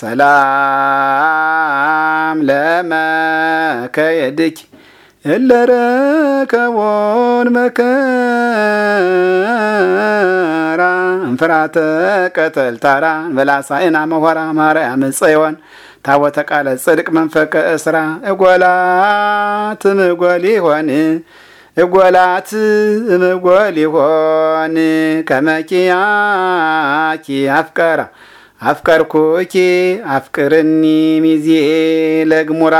ሰላም ለመከየድኪ እለረከቦን መከራ እንፍራተ ቀተል ታራን በላሳይና መኋራ ማርያም ጽዮን ታቦተ ቃለ ጽድቅ መንፈቀ እስራ እጎላት ምጎል ይሆን እጎላት ምጎል ይሆን ከመኪያኪ አፍቀራ አፍቀርኩኪ አፍቅርኒ ሚዜ ለግሙራ